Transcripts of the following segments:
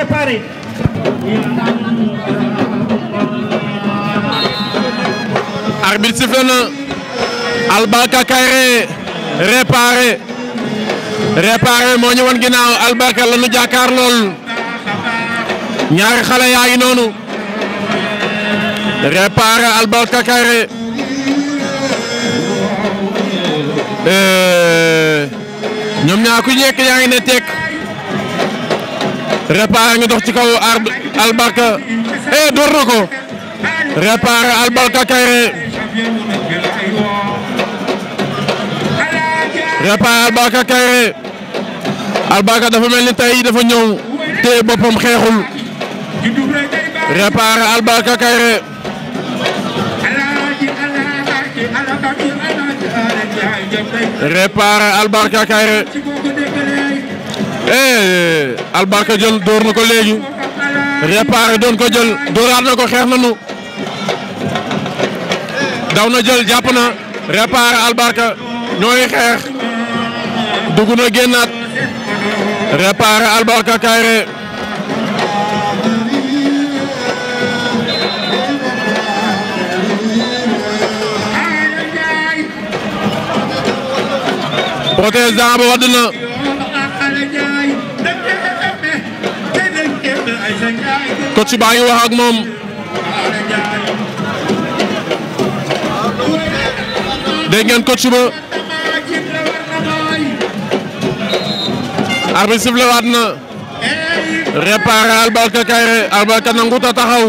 préparé. arbitre sifflé na Alba Kakayre réparé réparé moo ñëwoon ginnaaw Alba Ka la nu jàkkaar lool ñaari xale yaa ngi noonu réparé Alba Kakayre euh, ñoom ñaar ku nekk yaa ngi ne tekk. Réparé nga dox ci kaw Albarka eh door na ko Albarka Kairé Albarka dafa mel ni tey dafa ñëw téye boppam xeexul Réparé Albarka Kairé eh albarka jël door na ko léegi réparé doon ko jël dooraat na ko xeex nañu daw na jël jàpp na réparé albarka ñooy xeex dugg na génnaat réparé albarka kayre protège dama coach baa ngi wax ak moom dégg ngeen coach ba arbitre sifflé waat na réparé Albarka Kairé Albarka nangut a taxaw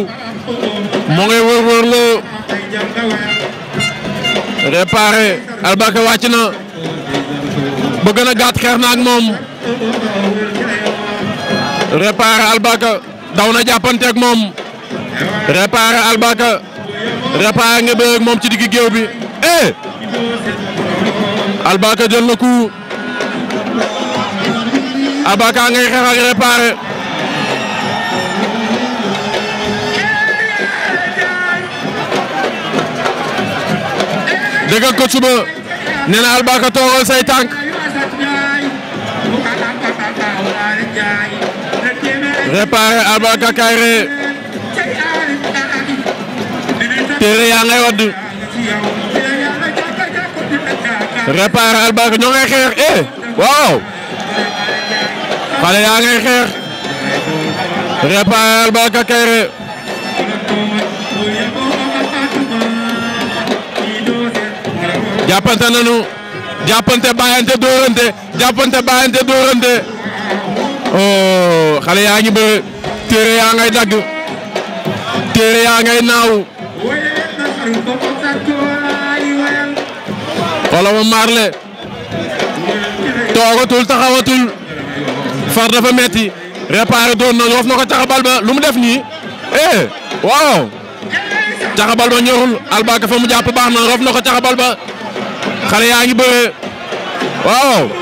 mu ngi wër wër loo réparé Albarka wàcc na bëgg na moom réparé Albarka daw na jàppante ak moom réparé Albaka réparé nga bëgg moom ci diggi géew bi eh Albaka jël na ku Albaka ngay xeex ak réparé dégg nga suba nee na Albaka say tànk réparé Albarka Kairé téere yaa ngay wadd réparé Albarka ñoo ngay xeex eh waaw xale yaa ngay xeex réparé Albarka Kairé jàppante nañu jàppante bàyyante dóorante jàppante bàyyante dóorante Oh, xale yaa ngi bëre téere yaa ngay dagg téere yaa ngay naaw xoolal ma Marley toogatul taxawatul far dafa metti réparé doon na yoof na ko caxabal ba lu mu def nii eh waaw caxabal ba ñorul albaka fa mu jàpp baax na roof na ko caxabal ba xale yaa ngi bëre waaw.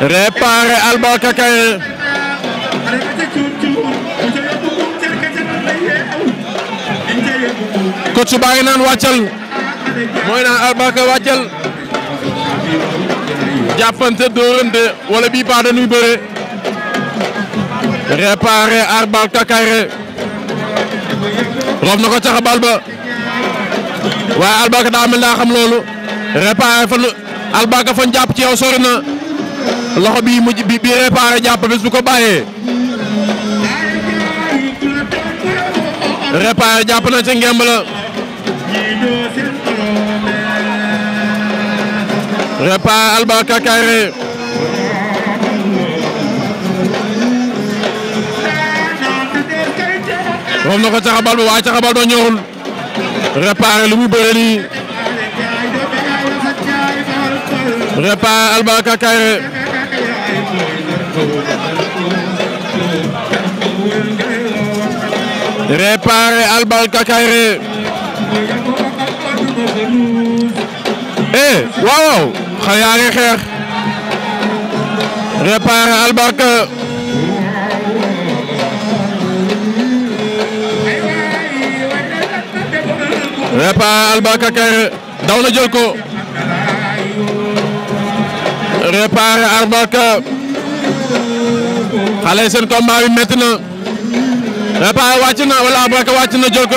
réparé Alba Kakaye coach baa ngi naan wàccal mooy naan Alba Kakaye jàppante dóorante wala bii paa dañuy bëre réparé Alba Kakaye roof na ko caxabal waaye Alba Kakaye daa xam loolu réparé fan Alba Kakaye jàpp ci yow sori na loxo bii mujj bi bi réparé jàpp bu ko bàyyee réparé jàpp na ca ngemb la Albarka Kairé moom na ko caxabal ba waaye caxabal ba ñorul réparé lu mu bëre Albarka Kairé Réparé Albal Kakayré eh waaw waaw xale yaa ngi xeex Réparé Albarka Réparé Albarka réparé Armak xale yi seen combat bi métti na réparé wàcc na wala jox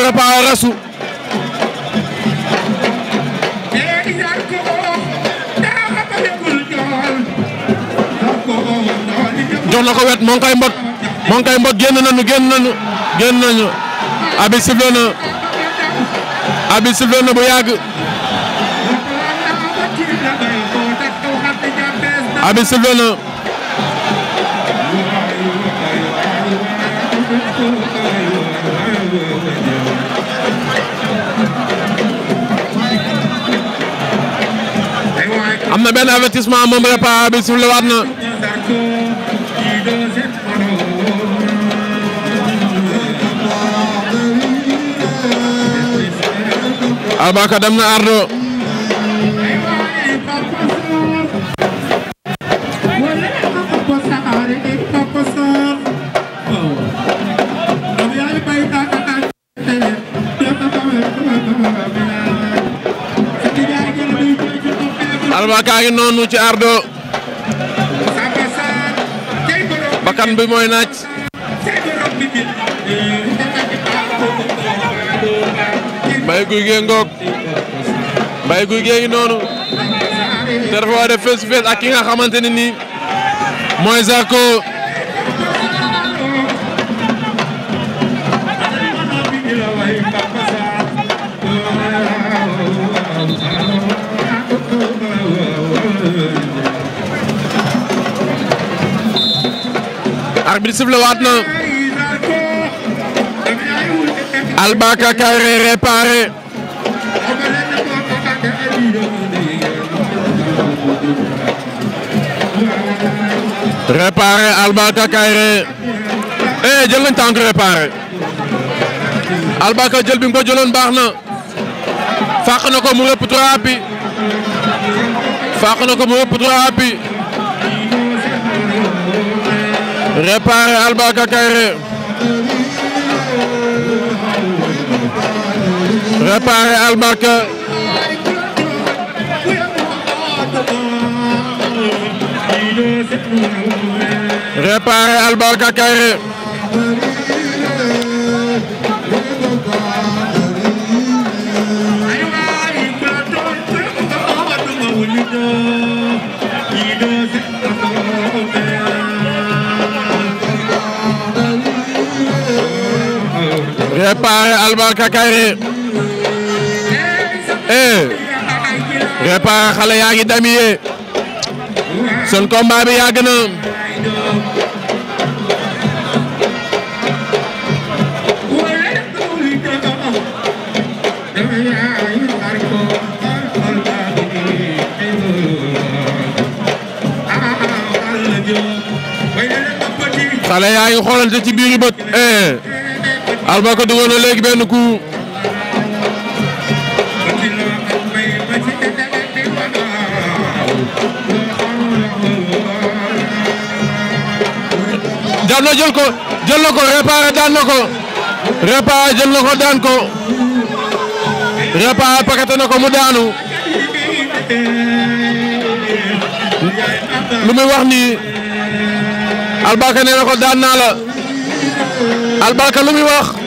na ko wet moo ngi mbot moo ngi mbot génn nañu génn nañu génn nañu abi siflé bu yàgg. abi sifle na am na benn avertissement moom Repa abi sifle waat na Albarka dem na Ardo Alma kaa ngi noonu ci Ardo bi mooy naaj. Mbaye Gouye Gui ngoog Mbaye Gouye noonu te dafa war a def ak ki nga xamante ne nii mooy arbitre sifflé waat na Albaka Kaïré réparé réparé Albaka Kaïré eh jël nañ tànk réparé Albaka jël bi baax na fàq na ko mu rëpp trois appuis na ko mu rëpp trois réparé Albarka Kairé réparé Albarka réparé Albarka Kairé réparé Albarka Kairé eh réparé xale yaa ngi damiyee seen combat bi yàgg na xale yaa ngi xoolante ci biir bët eh Albarka dugal na léegi benn coup daan na ko jël daan na ko réparé jël na ko daan ko réparé pakate na ko mu daanu lu muy wax ni Albarka nee na ko daan naa la Albarka lu wax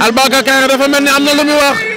Albarka Kaïré dafa mel ni am na lu muy wax